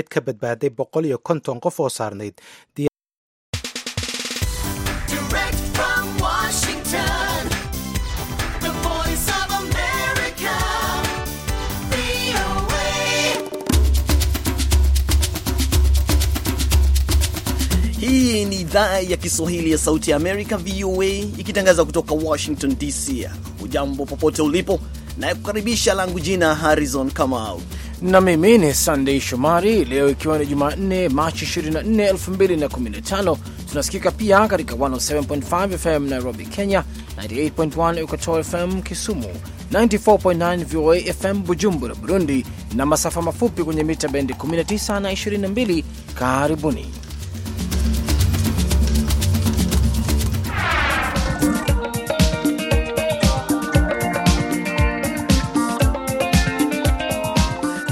cid ka badbaaday boqol iyo konton qof oo saarnayd Hii ni idhaa ya Kiswahili ya Sauti ya Amerika, VOA, ikitangaza kutoka Washington DC. Hujambo popote ulipo, nayekukaribisha langu jina Harrison Kamau na mimi ni Sandey Shomari. Leo ikiwa ni Jumanne, Machi 24, 2015, tunasikika pia katika 107.5 FM Nairobi, Kenya, 98.1 Ukato FM Kisumu, 94.9 VOA FM Bujumbura, Burundi, na masafa mafupi kwenye mita bendi 19 na 22. Karibuni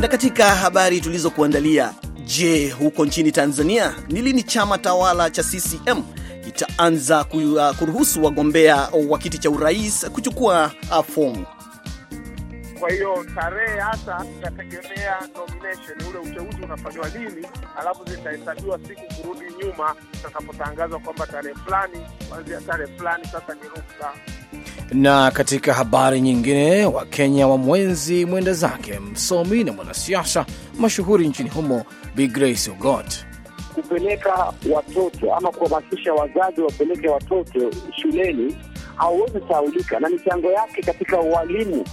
Na katika habari tulizokuandalia, je, huko nchini Tanzania ni lini chama tawala cha CCM kitaanza uh, kuruhusu wagombea wa kiti cha urais kuchukua uh, fomu? Kwa hiyo tarehe hasa itategemea nomination, ule uteuzi unafanywa lini, alafu zitahesabiwa siku kurudi nyuma tutakapotangazwa kwamba tarehe fulani, kuanzia tarehe fulani sasa ni ruksa. Na katika habari nyingine, Wakenya mwenzi mwenda zake msomi na mwanasiasa mashuhuri nchini humo Bi Grace Ogot kupeleka watoto ama kuhamasisha wazazi wapeleke watoto shuleni hauwezi saulika na michango yake katika ualimu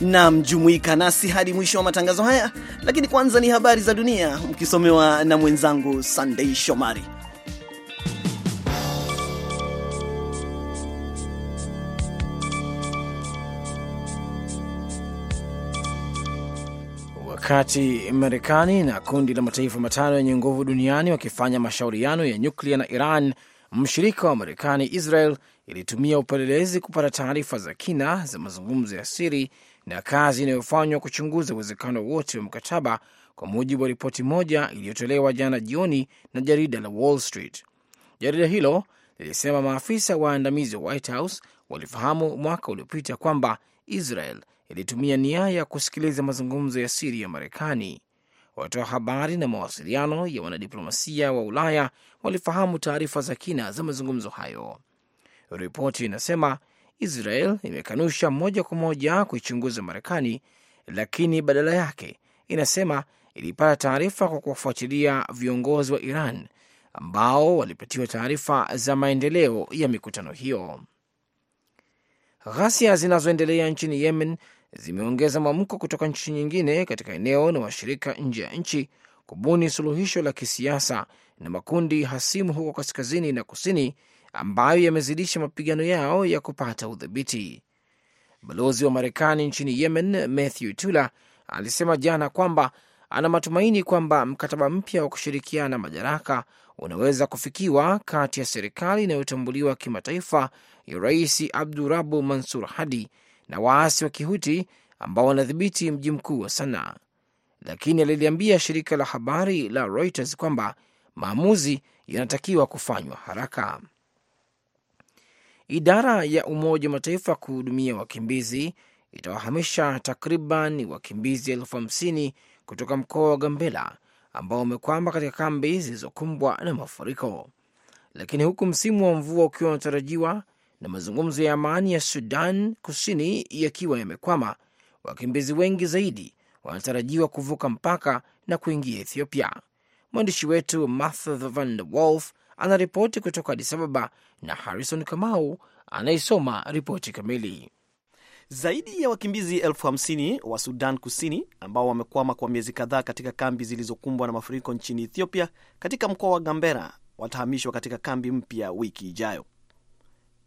na mjumuika nasi hadi mwisho wa matangazo haya, lakini kwanza ni habari za dunia mkisomewa na mwenzangu Sandei Shomari. Wakati Marekani na kundi la mataifa matano yenye nguvu duniani wakifanya mashauriano ya nyuklia na Iran, mshirika wa Marekani Israel ilitumia upelelezi kupata taarifa za kina za mazungumzo ya siri na kazi inayofanywa kuchunguza uwezekano wote wa mkataba, kwa mujibu wa ripoti moja iliyotolewa jana jioni na jarida la Wall Street. Jarida hilo lilisema maafisa waandamizi wa White House walifahamu mwaka uliopita kwamba Israel ilitumia nia ya kusikiliza mazungumzo ya siri ya Marekani. Watoa habari na mawasiliano ya wanadiplomasia wa Ulaya walifahamu taarifa za kina za mazungumzo hayo. Ripoti inasema Israel imekanusha moja kwa moja kuichunguza Marekani, lakini badala yake inasema ilipata taarifa kwa kuwafuatilia viongozi wa Iran ambao walipatiwa taarifa za maendeleo ya mikutano hiyo. Ghasia zinazoendelea nchini Yemen zimeongeza mwamko kutoka nchi nyingine katika eneo na washirika nje ya nchi kubuni suluhisho la kisiasa na makundi hasimu huko kaskazini na kusini ambayo yamezidisha mapigano yao ya kupata udhibiti. Balozi wa Marekani nchini Yemen Matthew Tula alisema jana kwamba ana matumaini kwamba mkataba mpya wa kushirikiana madaraka unaweza kufikiwa kati ya serikali inayotambuliwa kimataifa ya Rais Abdurabu Mansur Hadi na waasi wa Kihuti ambao wanadhibiti mji mkuu wa Sanaa, lakini aliliambia shirika la habari la Reuters kwamba maamuzi yanatakiwa kufanywa haraka. Idara ya Umoja wa Mataifa kuhudumia wakimbizi itawahamisha takriban wakimbizi elfu hamsini kutoka mkoa wa Gambela ambao wamekwama katika kambi zilizokumbwa na mafuriko. Lakini huku msimu wa mvua ukiwa unatarajiwa na mazungumzo ya amani ya Sudan Kusini yakiwa yamekwama, wakimbizi wengi zaidi wanatarajiwa kuvuka mpaka na kuingia Ethiopia. Mwandishi wetu Martha Van der Wolf anaripoti kutoka Addis Ababa na Harrison Kamau anayesoma ripoti kamili. Zaidi ya wakimbizi elfu hamsini wa Sudan Kusini ambao wamekwama kwa miezi kadhaa katika kambi zilizokumbwa na mafuriko nchini Ethiopia katika mkoa wa Gambera watahamishwa katika kambi mpya wiki ijayo.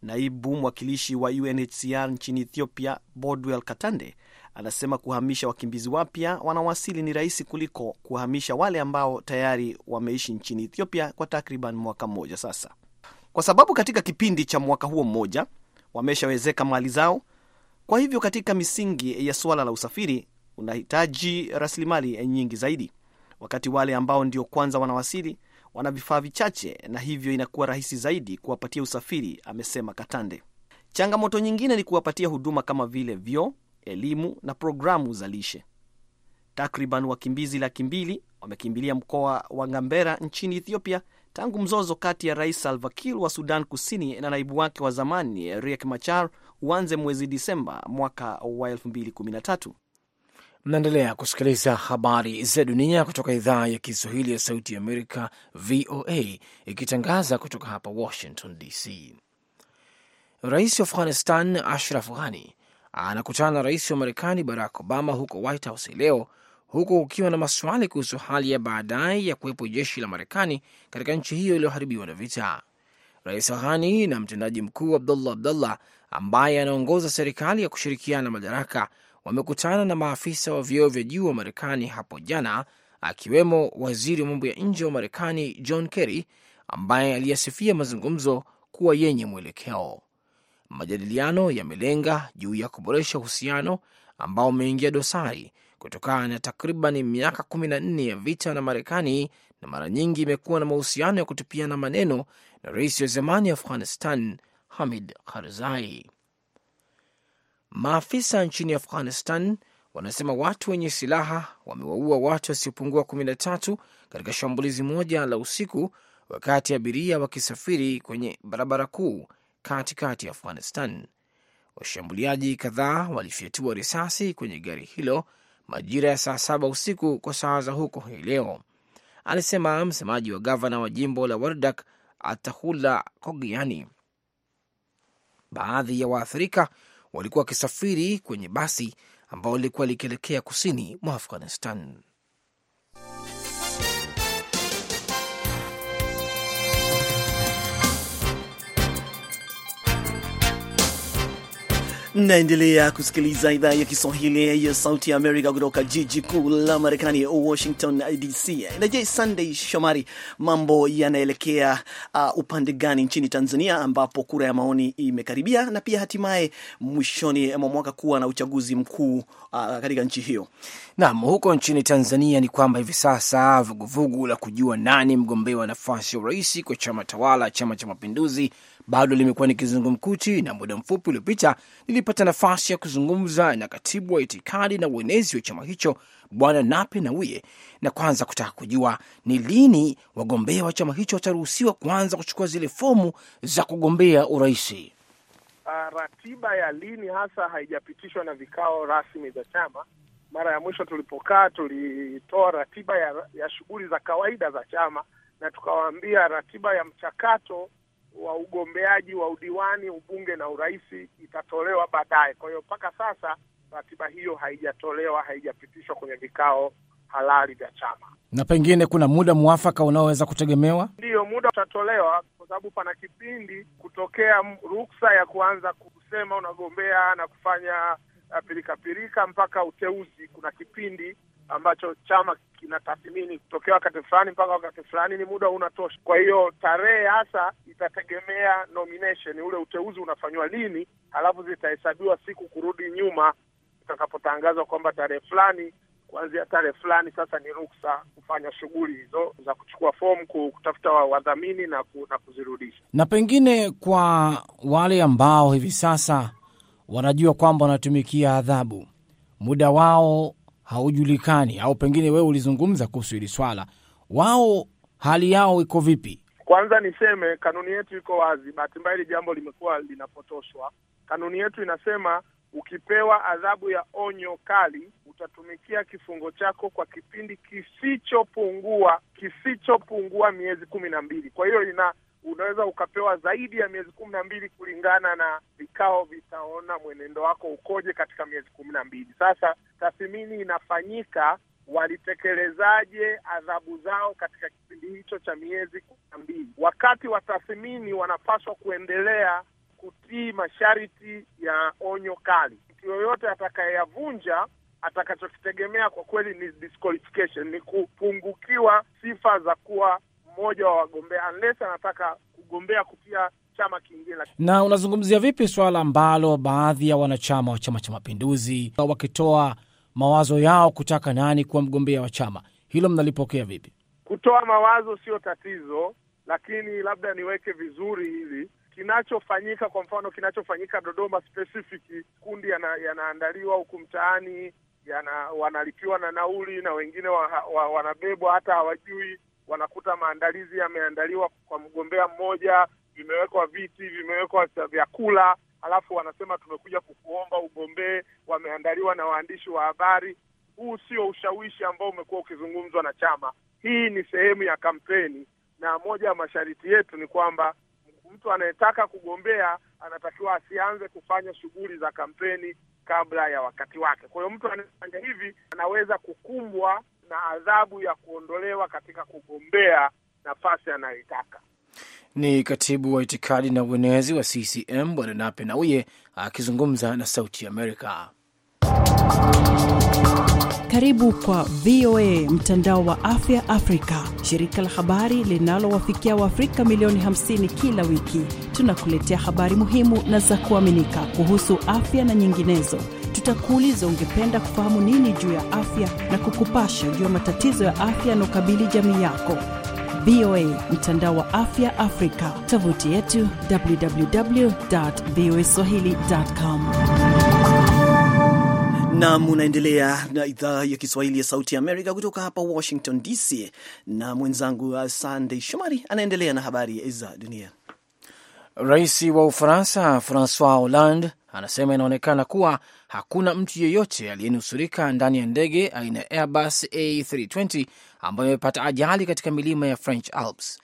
Naibu mwakilishi wa UNHCR nchini Ethiopia, Bodwell Katande, Anasema kuhamisha wakimbizi wapya wanawasili ni rahisi kuliko kuhamisha wale ambao tayari wameishi nchini Ethiopia kwa takriban mwaka mmoja sasa, kwa sababu katika kipindi cha mwaka huo mmoja wameshawezeka mali zao. Kwa hivyo katika misingi ya suala la usafiri unahitaji rasilimali nyingi zaidi, wakati wale ambao ndio kwanza wanawasili wana vifaa vichache, na hivyo inakuwa rahisi zaidi kuwapatia usafiri, amesema Katande. Changamoto nyingine ni kuwapatia huduma kama vile vyoo, elimu na programu za lishe. Takriban wakimbizi laki mbili wamekimbilia mkoa wa Ngambera nchini Ethiopia tangu mzozo kati ya Rais Salva Kiir wa Sudan Kusini na naibu wake wa zamani Riek Machar uanze mwezi Disemba mwaka wa 213 Mnaendelea kusikiliza habari za dunia kutoka idhaa ya Kiswahili ya Sauti ya Amerika, VOA, ikitangaza kutoka hapa Washington DC. Rais wa Afghanistan Ashraf Ghani anakutana na rais wa Marekani Barack Obama huko White House leo, huku kukiwa na maswali kuhusu hali ya baadaye ya kuwepo jeshi la Marekani katika nchi hiyo iliyoharibiwa na vita. Rais Ghani na mtendaji mkuu Abdullah Abdullah ambaye anaongoza serikali ya kushirikiana madaraka wamekutana na maafisa wa vyeo vya juu wa Marekani hapo jana, akiwemo waziri wa mambo ya nje wa Marekani John Kerry ambaye aliyasifia mazungumzo kuwa yenye mwelekeo majadiliano yamelenga juu ya kuboresha uhusiano ambao umeingia dosari kutokana na takriban miaka kumi na nne ya vita na Marekani, na mara nyingi imekuwa na mahusiano ya kutupiana maneno na rais wa zamani Afghanistan Hamid Karzai. Maafisa nchini Afghanistan wanasema watu wenye silaha wamewaua watu wasiopungua kumi na tatu katika shambulizi moja la usiku wakati abiria wakisafiri kwenye barabara kuu katikati ya Afghanistan. Washambuliaji kadhaa walifyatua risasi kwenye gari hilo majira ya saa saba usiku kwa saa za huko hii leo, alisema msemaji wa gavana wa jimbo la Wardak Atahula Kogiani. Baadhi ya waathirika walikuwa wakisafiri kwenye basi ambao lilikuwa likielekea kusini mwa Afghanistan. naendelea kusikiliza idhaa ya Kiswahili ya Sauti ya Amerika kutoka jiji kuu la Marekani, Washington DC. Na je, Sunday Shomari, mambo yanaelekea uh, upande gani nchini Tanzania ambapo kura ya maoni imekaribia na pia hatimaye mwishoni mwa mwaka kuwa na uchaguzi mkuu uh, katika nchi hiyo? Naam, huko nchini Tanzania ni kwamba hivi sasa vuguvugu la kujua nani mgombea wa nafasi ya urais kwa chama tawala, Chama cha Mapinduzi bado limekuwa ni kizungumkuti, na muda mfupi uliopita nilipata nafasi ya kuzungumza na katibu wa itikadi na uenezi wa chama hicho Bwana Nape Nnauye, na kwanza kutaka kujua ni lini wagombea wa chama hicho wataruhusiwa kuanza kuchukua zile fomu za kugombea urahisi Uh, ah, ratiba ya lini hasa haijapitishwa na vikao rasmi vya chama. Mara ya mwisho tulipokaa tulitoa ratiba ya, ya shughuli za kawaida za chama na tukawaambia ratiba ya mchakato wa ugombeaji wa udiwani, ubunge na urais itatolewa baadaye. Kwa hiyo mpaka sasa ratiba hiyo haijatolewa, haijapitishwa kwenye vikao halali vya chama. Na pengine kuna muda mwafaka unaoweza kutegemewa? Ndiyo, muda utatolewa kwa sababu pana kipindi kutokea ruksa ya kuanza kusema unagombea na kufanya uh, pirikapirika pirika, mpaka uteuzi kuna kipindi ambacho chama kinatathmini kutokea wakati fulani mpaka wakati fulani, ni muda unatosha. Kwa hiyo tarehe hasa itategemea nomination, ule uteuzi unafanywa lini, halafu zitahesabiwa siku kurudi nyuma itakapotangazwa kwamba tarehe fulani kuanzia tarehe fulani sasa ni ruksa kufanya shughuli hizo za kuchukua fomu, kutafuta wadhamini na, ku, na kuzirudisha. Na pengine kwa wale ambao hivi sasa wanajua kwamba wanatumikia adhabu, muda wao haujulikani, au pengine wewe ulizungumza kuhusu hili swala, wao hali yao iko vipi? Kwanza niseme kanuni yetu iko wazi. Bahati mbaya hili jambo limekuwa linapotoshwa. Kanuni yetu inasema ukipewa adhabu ya onyo kali utatumikia kifungo chako kwa kipindi kisichopungua kisichopungua miezi kumi na mbili. Kwa hiyo ina unaweza ukapewa zaidi ya miezi kumi na mbili kulingana na vikao vitaona mwenendo wako ukoje katika miezi kumi na mbili. Sasa tathmini inafanyika, walitekelezaje adhabu zao katika kipindi hicho cha miezi kumi na mbili. Wakati wa tathimini wanapaswa kuendelea kutii masharti ya onyo kali. Mtu yoyote atakayeyavunja atakachokitegemea kwa kweli ni disqualification, ni kupungukiwa sifa za kuwa mmoja wa wagombea unless anataka kugombea kupitia chama kingine. Na unazungumzia vipi swala ambalo baadhi ya wanachama wa Chama cha Mapinduzi wakitoa mawazo yao kutaka nani kuwa mgombea wa chama hilo, mnalipokea vipi? Kutoa mawazo sio tatizo, lakini labda niweke vizuri hili kinachofanyika kwa mfano, kinachofanyika Dodoma specific, kundi yanaandaliwa huku mtaani, yana wanalipiwa na nauli na wengine wa, wa, wanabebwa hata hawajui wanakuta maandalizi yameandaliwa kwa mgombea mmoja, vimewekwa viti, vimewekwa vyakula, alafu wanasema tumekuja kukuomba ugombee, wameandaliwa na waandishi wa habari. Huu sio ushawishi ambao umekuwa ukizungumzwa na chama. Hii ni sehemu ya kampeni, na moja ya masharti yetu ni kwamba mtu anayetaka kugombea anatakiwa asianze kufanya shughuli za kampeni kabla ya wakati wake. Kwa hiyo mtu anayefanya hivi anaweza kukumbwa na adhabu ya kuondolewa katika kugombea nafasi anayoitaka. Ni katibu wa itikadi na uenezi wa CCM Bwana Nape Nauye akizungumza na Sauti ya Amerika. Karibu kwa VOA mtandao wa afya Afrika, shirika la habari linalowafikia Waafrika milioni 50 kila wiki. Tunakuletea habari muhimu na za kuaminika kuhusu afya na nyinginezo tutakuuliza ungependa kufahamu nini juu ya afya na kukupasha juu ya matatizo ya afya yanaokabili jamii yako. VOA mtandao wa afya Afrika, tovuti yetu www.voaswahili.com. Nam, unaendelea na idhaa ya Kiswahili ya Sauti ya Amerika kutoka hapa Washington DC, na mwenzangu uh, Sandey Shomari anaendelea na habari za dunia. Rais wa Ufaransa Francois Hollande anasema inaonekana kuwa hakuna mtu yeyote aliyenusurika ndani ya ndege aina ya Airbus A320 ambayo imepata ajali katika milima ya French Alps.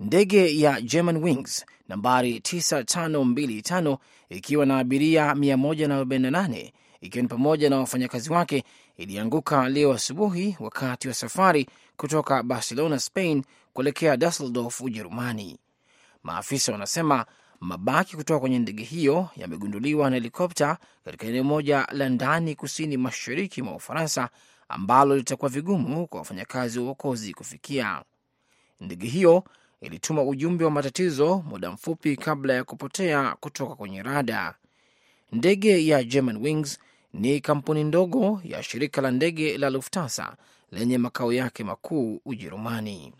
Ndege ya wings nambari 9525 ikiwa na abiria 148 ikiwa ni pamoja na wafanyakazi wake ilianguka leo asubuhi wakati wa safari kutoka Barcelona, Spain kuelekea Dusseldorf, Ujerumani. Maafisa wanasema Mabaki kutoka kwenye ndege hiyo yamegunduliwa na helikopta katika eneo moja la ndani kusini mashariki mwa Ufaransa ambalo litakuwa vigumu kwa wafanyakazi wa uokozi kufikia. Ndege hiyo ilituma ujumbe wa matatizo muda mfupi kabla ya kupotea kutoka kwenye rada. Ndege ya german Wings ni kampuni ndogo ya shirika la ndege la Lufthansa lenye makao yake makuu Ujerumani.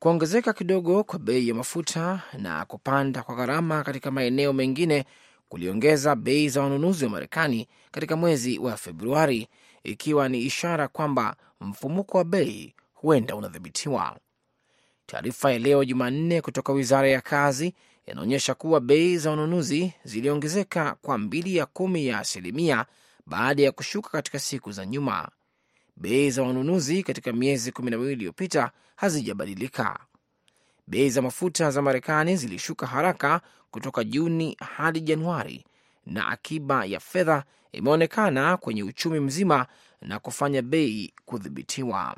Kuongezeka kidogo kwa bei ya mafuta na kupanda kwa gharama katika maeneo mengine kuliongeza bei za wanunuzi wa Marekani katika mwezi wa Februari, ikiwa ni ishara kwamba mfumuko wa bei huenda unadhibitiwa. Taarifa ya leo Jumanne kutoka wizara ya kazi inaonyesha kuwa bei za ununuzi ziliongezeka kwa mbili ya kumi ya asilimia baada ya kushuka katika siku za nyuma bei za wanunuzi katika miezi kumi na miwili iliyopita hazijabadilika. Bei za mafuta za Marekani zilishuka haraka kutoka Juni hadi Januari, na akiba ya fedha imeonekana kwenye uchumi mzima na kufanya bei kudhibitiwa.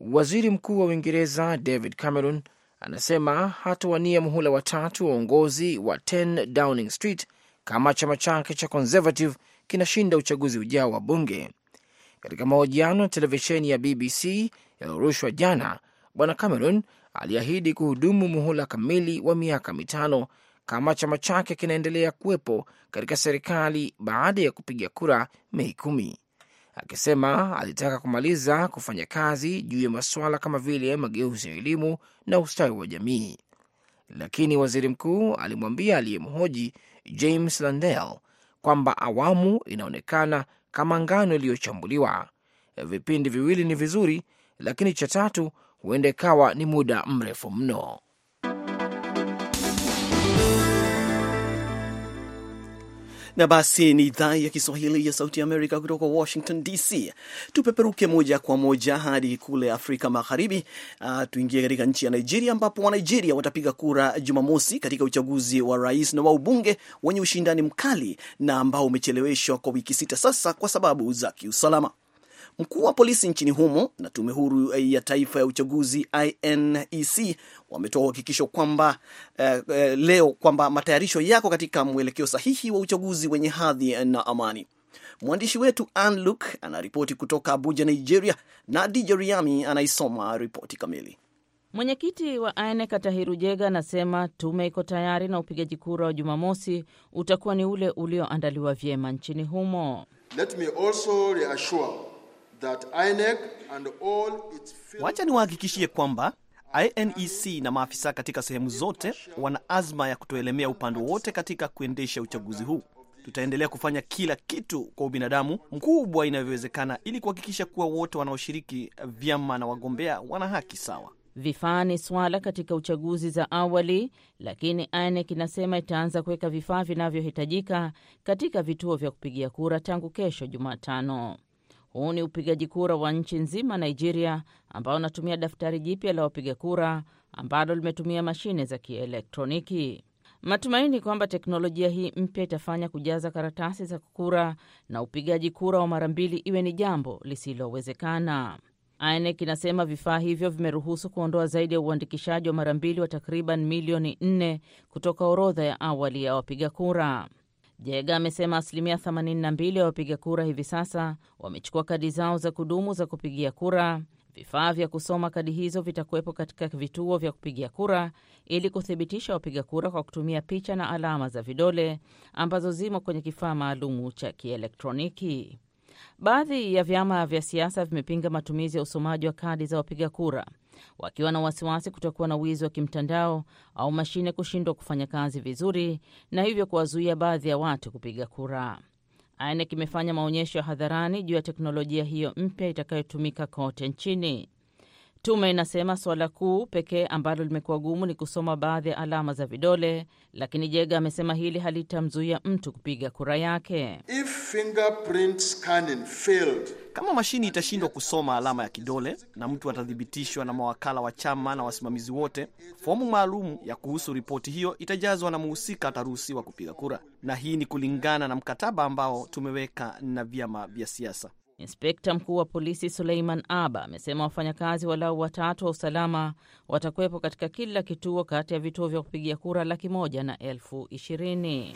Waziri Mkuu wa Uingereza David Cameron anasema hatawania muhula watatu wa uongozi wa 10 Downing Street kama chama chake cha Conservative kinashinda uchaguzi ujao wa bunge katika mahojiano na televisheni ya BBC yaliyorushwa jana, Bwana Cameron aliahidi kuhudumu muhula kamili wa miaka mitano kama chama chake kinaendelea kuwepo katika serikali baada ya kupiga kura Mei kumi, akisema alitaka kumaliza kufanya kazi juu ya masuala kama vile mageuzi ya elimu na ustawi wa jamii. Lakini waziri mkuu alimwambia aliyemhoji James Landell kwamba awamu inaonekana kama ngano iliyochambuliwa. Vipindi viwili ni vizuri, lakini cha tatu huenda ikawa ni muda mrefu mno. na basi ni idhaa ya Kiswahili ya Sauti ya Amerika kutoka Washington DC. Tupeperuke moja kwa moja hadi kule Afrika Magharibi. Uh, tuingie katika nchi ya Nigeria ambapo Wanigeria watapiga kura Jumamosi katika uchaguzi wa rais na wa ubunge wenye ushindani mkali na ambao umecheleweshwa kwa wiki sita sasa kwa sababu za kiusalama. Mkuu wa polisi nchini humo na tume huru ya taifa ya uchaguzi INEC wametoa uhakikisho kwamba eh, eh, leo kwamba matayarisho yako katika mwelekeo sahihi wa uchaguzi wenye hadhi na amani. Mwandishi wetu Ann Luke anaripoti kutoka Abuja, Nigeria, na DJ Riami anaisoma ripoti kamili. Mwenyekiti wa INEC Atahiru Jega anasema tume iko tayari na upigaji kura wa Jumamosi utakuwa ni ule ulioandaliwa vyema nchini humo. Let me also reassure that INEC and all its... Wacha niwahakikishie kwamba INEC na maafisa katika sehemu zote wana azma ya kutoelemea upande wote katika kuendesha uchaguzi huu. Tutaendelea kufanya kila kitu kwa ubinadamu mkubwa inavyowezekana ili kuhakikisha kuwa wote wanaoshiriki, vyama na wagombea, wana haki sawa. Vifaa ni swala katika uchaguzi za awali, lakini INEC inasema itaanza kuweka vifaa vinavyohitajika katika vituo vya kupigia kura tangu kesho Jumatano. Huu ni upigaji kura wa nchi nzima Nigeria, ambao unatumia daftari jipya la wapiga kura ambalo limetumia mashine za kielektroniki. Matumaini kwamba teknolojia hii mpya itafanya kujaza karatasi za kura na upigaji kura wa mara mbili iwe ni jambo lisilowezekana. INEC inasema vifaa hivyo vimeruhusu kuondoa zaidi ya uandikishaji wa mara mbili wa takriban milioni nne kutoka orodha ya awali ya wapiga kura. Jega amesema asilimia 82 ya wapiga kura hivi sasa wamechukua kadi zao za kudumu za kupigia kura. Vifaa vya kusoma kadi hizo vitakuwepo katika vituo vya kupigia kura ili kuthibitisha wapiga kura kwa kutumia picha na alama za vidole ambazo zimo kwenye kifaa maalumu cha kielektroniki. Baadhi ya vyama vya siasa vimepinga matumizi ya usomaji wa kadi za wapiga kura wakiwa na wasiwasi kutokuwa na wizi wa kimtandao au mashine kushindwa kufanya kazi vizuri na hivyo kuwazuia baadhi ya watu kupiga kura. INEC imefanya maonyesho ya hadharani juu ya teknolojia hiyo mpya itakayotumika kote nchini. Tume inasema suala kuu pekee ambalo limekuwa gumu ni kusoma baadhi ya alama za vidole, lakini Jega amesema hili halitamzuia mtu kupiga kura yake. If fingerprint scanning failed kama mashini itashindwa kusoma alama ya kidole na mtu atathibitishwa na mawakala wa chama na wasimamizi wote, fomu maalum ya kuhusu ripoti hiyo itajazwa na mhusika ataruhusiwa kupiga kura, na hii ni kulingana na mkataba ambao tumeweka na vyama vya siasa. Inspekta mkuu wa polisi Suleiman Aba amesema wafanyakazi walau watatu wa usalama watakuwepo katika kila kituo kati ya vituo vya kupigia kura laki moja na elfu ishirini.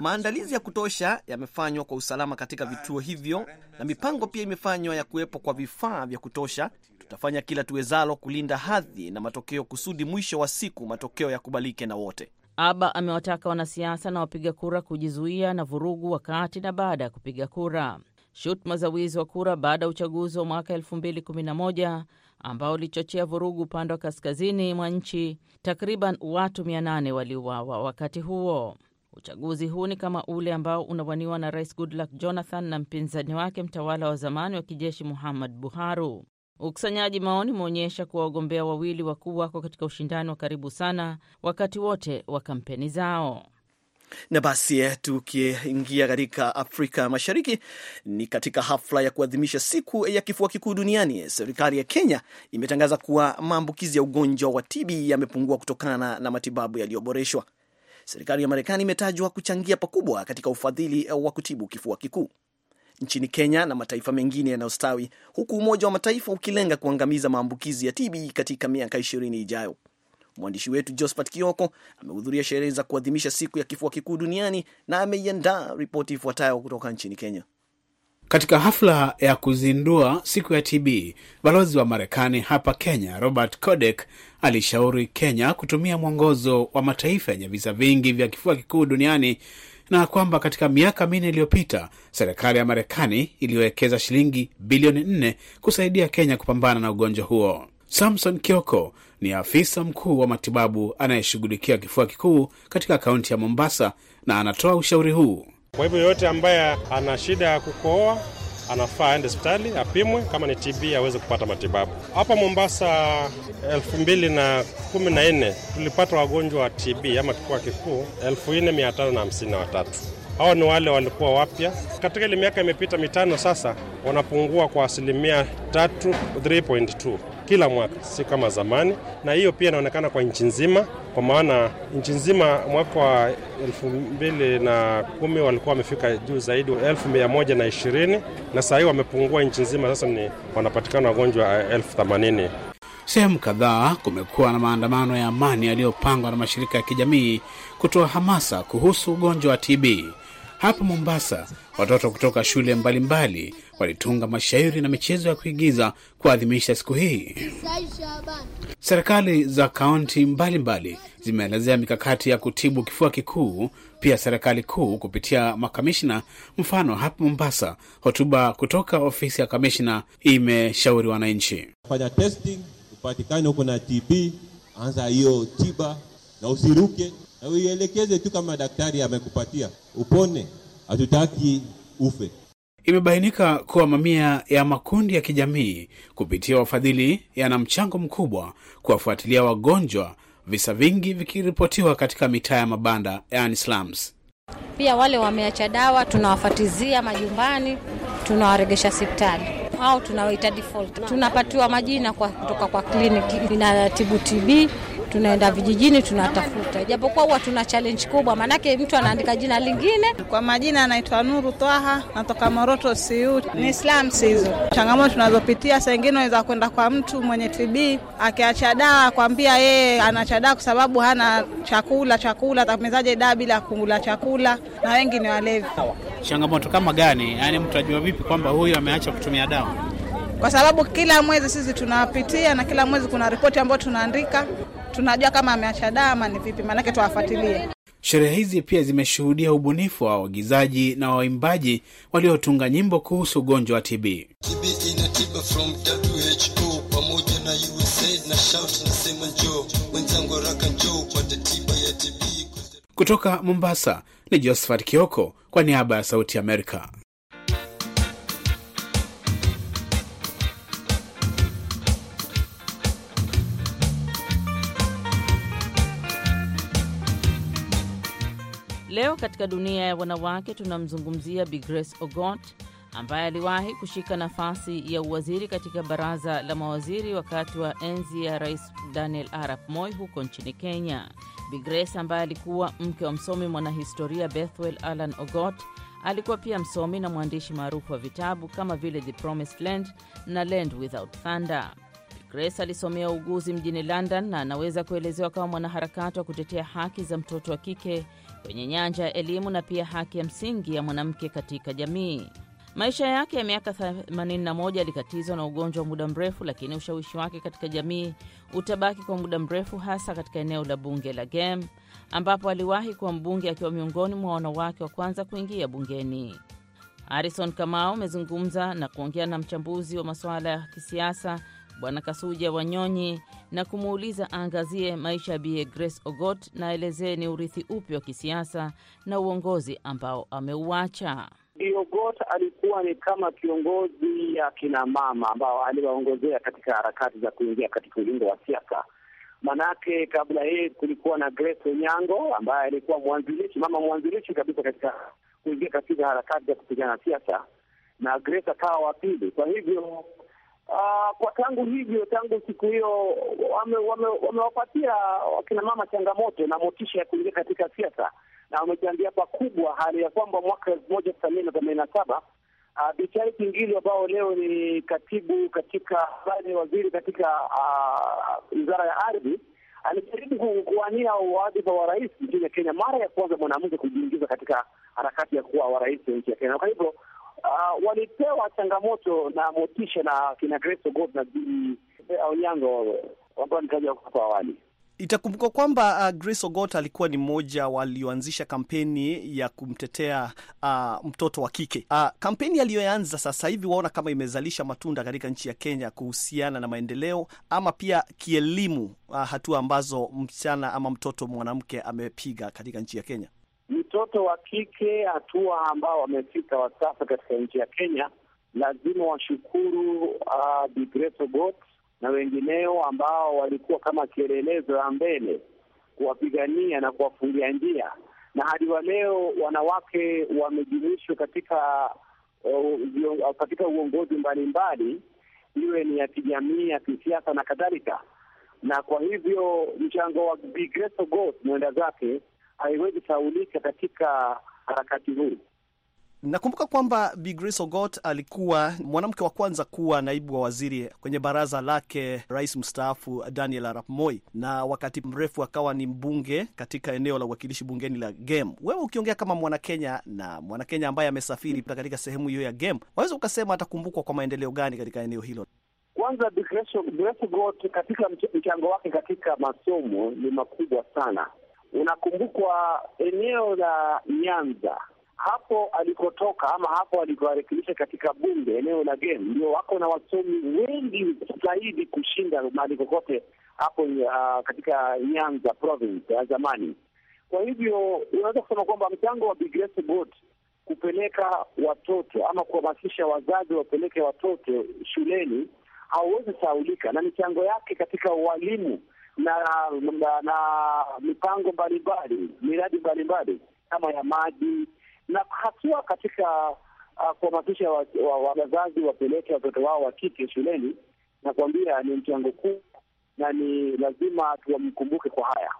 Maandalizi ya kutosha yamefanywa kwa usalama katika vituo hivyo na mipango pia imefanywa ya kuwepo kwa vifaa vya kutosha. Tutafanya kila tuwezalo kulinda hadhi na matokeo kusudi mwisho wa siku matokeo yakubalike na wote. Aba amewataka wanasiasa na wapiga kura kujizuia na vurugu wakati na baada ya kupiga kura. Shutuma za wizi wa kura baada ya uchaguzi wa mwaka 2011 ambao ulichochea vurugu upande wa kaskazini mwa nchi, takriban watu 800 waliuawa wakati huo. Uchaguzi huu ni kama ule ambao unawaniwa na Rais Goodluck Jonathan na mpinzani wake mtawala wa zamani wa kijeshi Muhammad Buhari. Ukusanyaji maoni umeonyesha kuwa wagombea wawili wakuu wako katika ushindani wa karibu sana wakati wote wa kampeni zao. Na basi eh, tukiingia katika Afrika Mashariki, ni katika hafla ya kuadhimisha siku ya kifua kikuu duniani, serikali ya Kenya imetangaza kuwa maambukizi ya ugonjwa wa TB yamepungua kutokana na matibabu yaliyoboreshwa. Serikali ya Marekani imetajwa kuchangia pakubwa katika ufadhili wa kutibu kifua kikuu nchini Kenya na mataifa mengine yanayostawi, huku Umoja wa Mataifa ukilenga kuangamiza maambukizi ya TB katika miaka ishirini ijayo. Mwandishi wetu Josphat Kioko amehudhuria sherehe za kuadhimisha siku ya kifua kikuu duniani na ameiandaa ripoti ifuatayo kutoka nchini Kenya. Katika hafla ya kuzindua siku ya TB, balozi wa Marekani hapa Kenya Robert Codek alishauri Kenya kutumia mwongozo wa mataifa yenye visa vingi vya kifua kikuu duniani na kwamba katika miaka minne iliyopita serikali ya Marekani iliyowekeza shilingi bilioni nne kusaidia Kenya kupambana na ugonjwa huo. Samson Kioko ni afisa mkuu wa matibabu anayeshughulikia kifua kikuu katika kaunti ya Mombasa, na anatoa ushauri huu. Kwa hivyo yoyote ambaye ana shida ya kukooa anafaa aende hospitali apimwe, kama ni TB aweze kupata matibabu. Hapa Mombasa elfu mbili na kumi na nne tulipata wagonjwa wa TB ama kifua kikuu elfu nne mia tano na hamsini na watatu. Hawa ni wale walikuwa wapya katika ile miaka imepita mitano sasa, wanapungua kwa asilimia 3.2 kila mwaka, si kama zamani, na hiyo pia inaonekana kwa nchi nzima, kwa maana nchi nzima mwaka wa elfu mbili na kumi walikuwa wamefika juu zaidi elfu mia moja na ishirini na saa hii wamepungua nchi nzima, sasa ni wanapatikana wagonjwa eh, elfu themanini. Sehemu kadhaa kumekuwa na maandamano ya amani yaliyopangwa na mashirika ya kijamii kutoa hamasa kuhusu ugonjwa wa TB. Hapa Mombasa Watoto kutoka shule mbalimbali mbali walitunga mashairi na michezo ya kuigiza kuadhimisha siku hii. Serikali za kaunti mbalimbali zimeelezea mikakati ya kutibu kifua kikuu, pia serikali kuu kupitia makamishna. Mfano, hapa Mombasa, hotuba kutoka ofisi ya kamishna imeshauri wananchi fanya testing, upatikane huko na TB, anza hiyo tiba na usiruke, na uielekeze tu kama daktari amekupatia, upone hatutaki ufe. Imebainika kuwa mamia ya makundi ya kijamii kupitia wafadhili yana mchango mkubwa kuwafuatilia wagonjwa, visa vingi vikiripotiwa katika mitaa ya mabanda, yani slums. Pia wale wameacha dawa tunawafatizia majumbani, tunawaregesha siptali au tunawaita default. Tunapatiwa majina kwa, kutoka kwa kliniki inatibu TB tunaenda vijijini tunatafuta, japokuwa huwa tuna challenge kubwa, maanake mtu anaandika jina lingine. Kwa majina anaitwa Nuru Twaha, natoka Moroto Siu, ni slums hizo. Changamoto tunazopitia saa ingine unaweza kwenda kwa mtu mwenye TB akiacha dawa akwambia yeye anaacha dawa kwa sababu hana chakula. Chakula atamezaje dawa bila kula chakula? Na wengi ni walevi. Changamoto kama gani? Yaani mtu ajua vipi kwamba huyu ameacha kutumia dawa? Kwa sababu kila mwezi sisi tunapitia na kila mwezi kuna ripoti ambayo tunaandika tunajua kama ameacha dama ni vipi, maanake tuwafuatilie. Sherehe hizi pia zimeshuhudia ubunifu wa waigizaji na waimbaji waliotunga nyimbo kuhusu ugonjwa wa TB. TB ina tiba from WHO pamoja na USAID na shout nasema njoo wenzangu, haraka njoo upate tiba ya TB. Kutoka Mombasa ni Josephat Kioko kwa niaba ya Sauti Amerika. Leo katika dunia ya wanawake tunamzungumzia Bi Grace Ogot ambaye aliwahi kushika nafasi ya uwaziri katika baraza la mawaziri wakati wa enzi ya Rais Daniel Arap Moi huko nchini Kenya. Bi Grace ambaye alikuwa mke wa msomi mwanahistoria Bethwel Alan Ogot alikuwa pia msomi na mwandishi maarufu wa vitabu kama vile The Promised Land na Land Without Thunder. Grace alisomea uuguzi mjini London na anaweza kuelezewa kama mwanaharakati wa kutetea haki za mtoto wa kike kwenye nyanja ya elimu na pia haki ya msingi ya mwanamke katika jamii. Maisha yake ya miaka 81 alikatizwa na ugonjwa wa muda mrefu, lakini ushawishi wake katika jamii utabaki kwa muda mrefu, hasa katika eneo la bunge la Gem ambapo aliwahi kuwa mbunge akiwa miongoni mwa wanawake wa kwanza kuingia bungeni. Harrison Kamau amezungumza na kuongea na mchambuzi wa masuala ya kisiasa Bwana Kasuja Wanyonyi na kumuuliza aangazie maisha ya Bie Grace Ogot na aelezee ni urithi upi wa kisiasa na uongozi ambao ameuacha. Ogot alikuwa ni kama kiongozi ya kina mama ambao aliwaongozea katika harakati za kuingia katika ulingo wa siasa. Manake kabla yeye kulikuwa na Grace Onyango ambaye alikuwa mwanzilishi, mama mwanzilishi kabisa katika kuingia katika harakati za kupigana siasa, na Grace akawa wa pili. Kwa hivyo Uh, kwa tangu hivyo tangu siku hiyo wamewapatia wame, wame wakina mama changamoto na motisha ya kuingia katika siasa na wamechangia pakubwa, hali ya kwamba mwaka elfu moja tisamia na themanini na saba uh, ah, Bichari kingilu ambao leo ni katibu katika ni waziri katika ah, wizara uh, ya ardhi alijaribu kuwania wadhifa wa rais nchini ya Kenya, mara ya kwanza mwanamke kujiingiza katika harakati ya kuwa wa rais wa nchi ya Kenya. Kwa hivyo uh, walipewa changamoto na motisha na kina Grace Ogot na Onyango ambao nitaja hapo awali. Itakumbuka kwamba uh, Grace Ogot alikuwa ni mmoja walioanzisha kampeni ya kumtetea uh, mtoto wa kike uh, kampeni aliyoanza sasa hivi, waona kama imezalisha matunda katika nchi ya Kenya kuhusiana na maendeleo ama pia kielimu, uh, hatua ambazo msichana ama mtoto mwanamke amepiga katika nchi ya Kenya mtoto wa kike, hatua ambao wamefika wa sasa katika nchi ya Kenya, lazima washukuru uh, Bi Grace Ogot na wengineo ambao walikuwa kama kielelezo ya mbele kuwapigania na kuwafungia njia, na hadi wa leo wanawake wamejumuishwa katika uh, katika uongozi mbalimbali, iwe ni ya kijamii, ya kisiasa na kadhalika. Na kwa hivyo mchango wa Bi Grace Ogot mwenda zake haiwezi saulika katika harakati huu. Nakumbuka kwamba Bi Grace Ogot alikuwa mwanamke wa kwanza kuwa naibu wa waziri kwenye baraza lake rais mstaafu Daniel Arap Moi, na wakati mrefu akawa ni mbunge katika eneo la uwakilishi bungeni la Gem. Wewe ukiongea kama Mwanakenya na Mwanakenya ambaye amesafiri katika sehemu hiyo ya Gem, waweza ukasema atakumbukwa kwa maendeleo gani katika eneo hilo? Kwanza, Bi Grace Ogot katika mchango wake katika masomo ni makubwa sana unakumbukwa eneo la Nyanza hapo alikotoka ama hapo alikowakilisha katika bunge eneo la Gem, ndio wako na wasomi wengi zaidi kushinda mahali kokote hapo uh, katika Nyanza province ya zamani. Kwa hivyo unaweza kusema kwamba mchango wa Grace kupeleka watoto ama kuhamasisha wazazi wapeleke watoto shuleni hauwezi saulika, na michango yake katika ualimu na na, na mipango mbalimbali, miradi mbalimbali kama ya maji na hatua katika uh, kuhamasisha wazazi wa, wa wapeleke watoto wao wa kike shuleni na kuambia ni mchango kuu na ni lazima tuwamkumbuke kwa haya.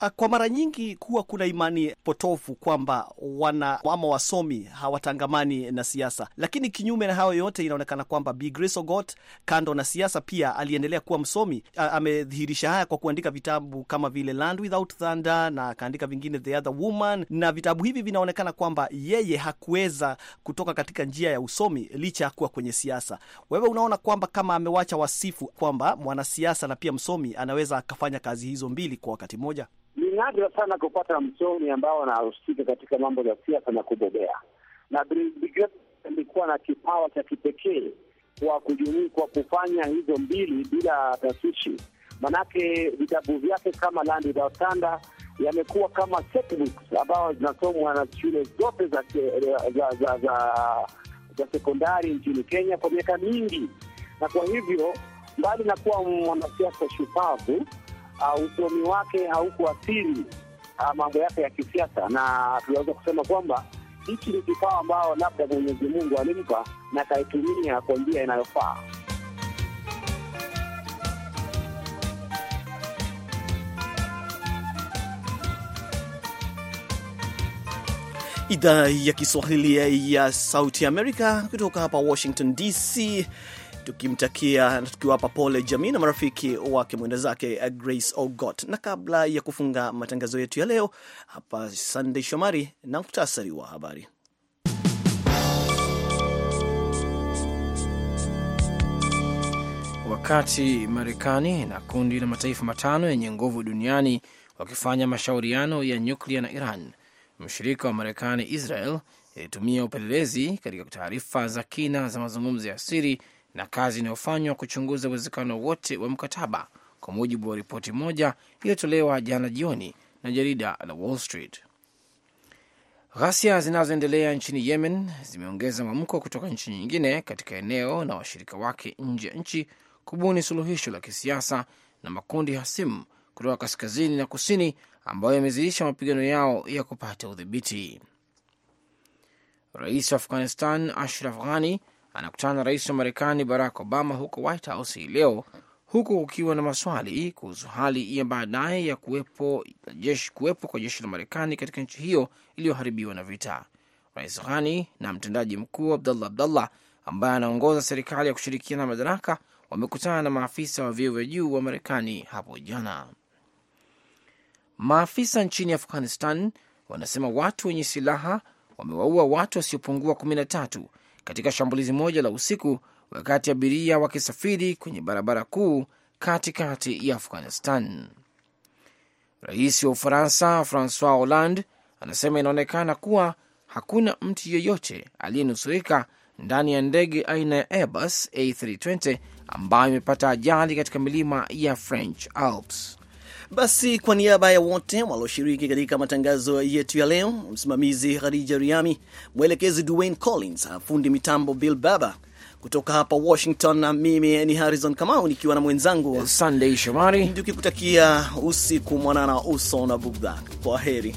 Ah, kwa mara nyingi huwa kuna imani potofu kwamba wana ama wasomi hawatangamani na siasa, lakini kinyume na hayo yote, inaonekana kwamba Bi Grace Ogot, kando na siasa, pia aliendelea kuwa msomi. Amedhihirisha haya kwa kuandika vitabu kama vile Land Without Thunder na akaandika vingine The Other Woman, na vitabu hivi vinaonekana kwamba yeye hakuweza kutoka katika njia ya usomi licha ya kuwa kwenye siasa. Wewe unaona kwamba kama amewacha wasifu kwamba mwanasiasa na pia msomi anaweza akafanya kazi hizo mbili kwa wakati mmoja? nadra sana kupata msomi ambao anahusika katika mambo ya siasa na kubobea, na alikuwa na kipawa cha kipekee kwa kujumuika, kwa kufanya hizo mbili bila tasishi. Manake vitabu vyake kama Land Without Thunder yamekuwa kama setbooks ambayo zinasomwa na shule zote za, za, za, za, za sekondari nchini Kenya kwa miaka mingi, na kwa hivyo mbali na kuwa mwanasiasa shupavu uh, usomi wake haukuathiri uh, mambo yake ya kisiasa, na tunaweza kusema kwamba hiki ni kipawa ambao labda Mwenyezi Mungu alimpa na akaitumia kwa njia inayofaa. Idhaa ya Kiswahili ya Sauti Amerika kutoka hapa Washington DC tukimtakia na tukiwapa pole jamii na marafiki wake mwenda zake eh, Grace Ogot. Na kabla ya kufunga matangazo yetu ya leo hapa, Sunday Shomari na muhtasari wa habari. Wakati Marekani na kundi la mataifa matano yenye nguvu duniani wakifanya mashauriano ya nyuklia na Iran, mshirika wa Marekani Israel ilitumia upelelezi katika taarifa za kina za mazungumzo ya siri na kazi inayofanywa kuchunguza uwezekano wote wa mkataba, kwa mujibu wa ripoti moja iliyotolewa jana jioni na jarida la Wall Street. Ghasia zinazoendelea nchini Yemen zimeongeza mwamko kutoka nchi nyingine katika eneo na washirika wake nje ya nchi kubuni suluhisho la kisiasa na makundi hasimu kutoka kaskazini na kusini ambayo yamezidisha mapigano yao ya kupata udhibiti. Rais wa Afghanistan Ashraf Ghani anakutana na rais wa Marekani Barack Obama huko White House hii leo, huku kukiwa na maswali kuhusu hali ya baadaye ya kuwepo, jeshi, kuwepo kwa jeshi la Marekani katika nchi hiyo iliyoharibiwa na vita. Rais Ghani na mtendaji mkuu abdullah abdullah ambaye anaongoza serikali ya kushirikiana madaraka wamekutana na maafisa wa vyeo vya juu wa Marekani hapo jana. Maafisa nchini Afghanistan wanasema watu wenye silaha wamewaua watu wasiopungua kumi na tatu katika shambulizi moja la usiku wakati abiria wakisafiri kwenye barabara kuu katikati ya Afghanistan. Rais wa Ufaransa Francois Hollande anasema inaonekana kuwa hakuna mtu yeyote aliyenusurika ndani ya ndege aina ya Airbus A320 ambayo imepata ajali katika milima ya French Alps. Basi kwa niaba ya wote walioshiriki katika matangazo yetu ya leo, msimamizi Khadija Riami, mwelekezi Dwayne Collins, fundi mitambo Bill Baba kutoka hapa Washington, na mimi ni Harrison Kamau nikiwa na mwenzangu Sunday Shomari, tukikutakia usiku mwanana, uso na bugdha. Kwa heri.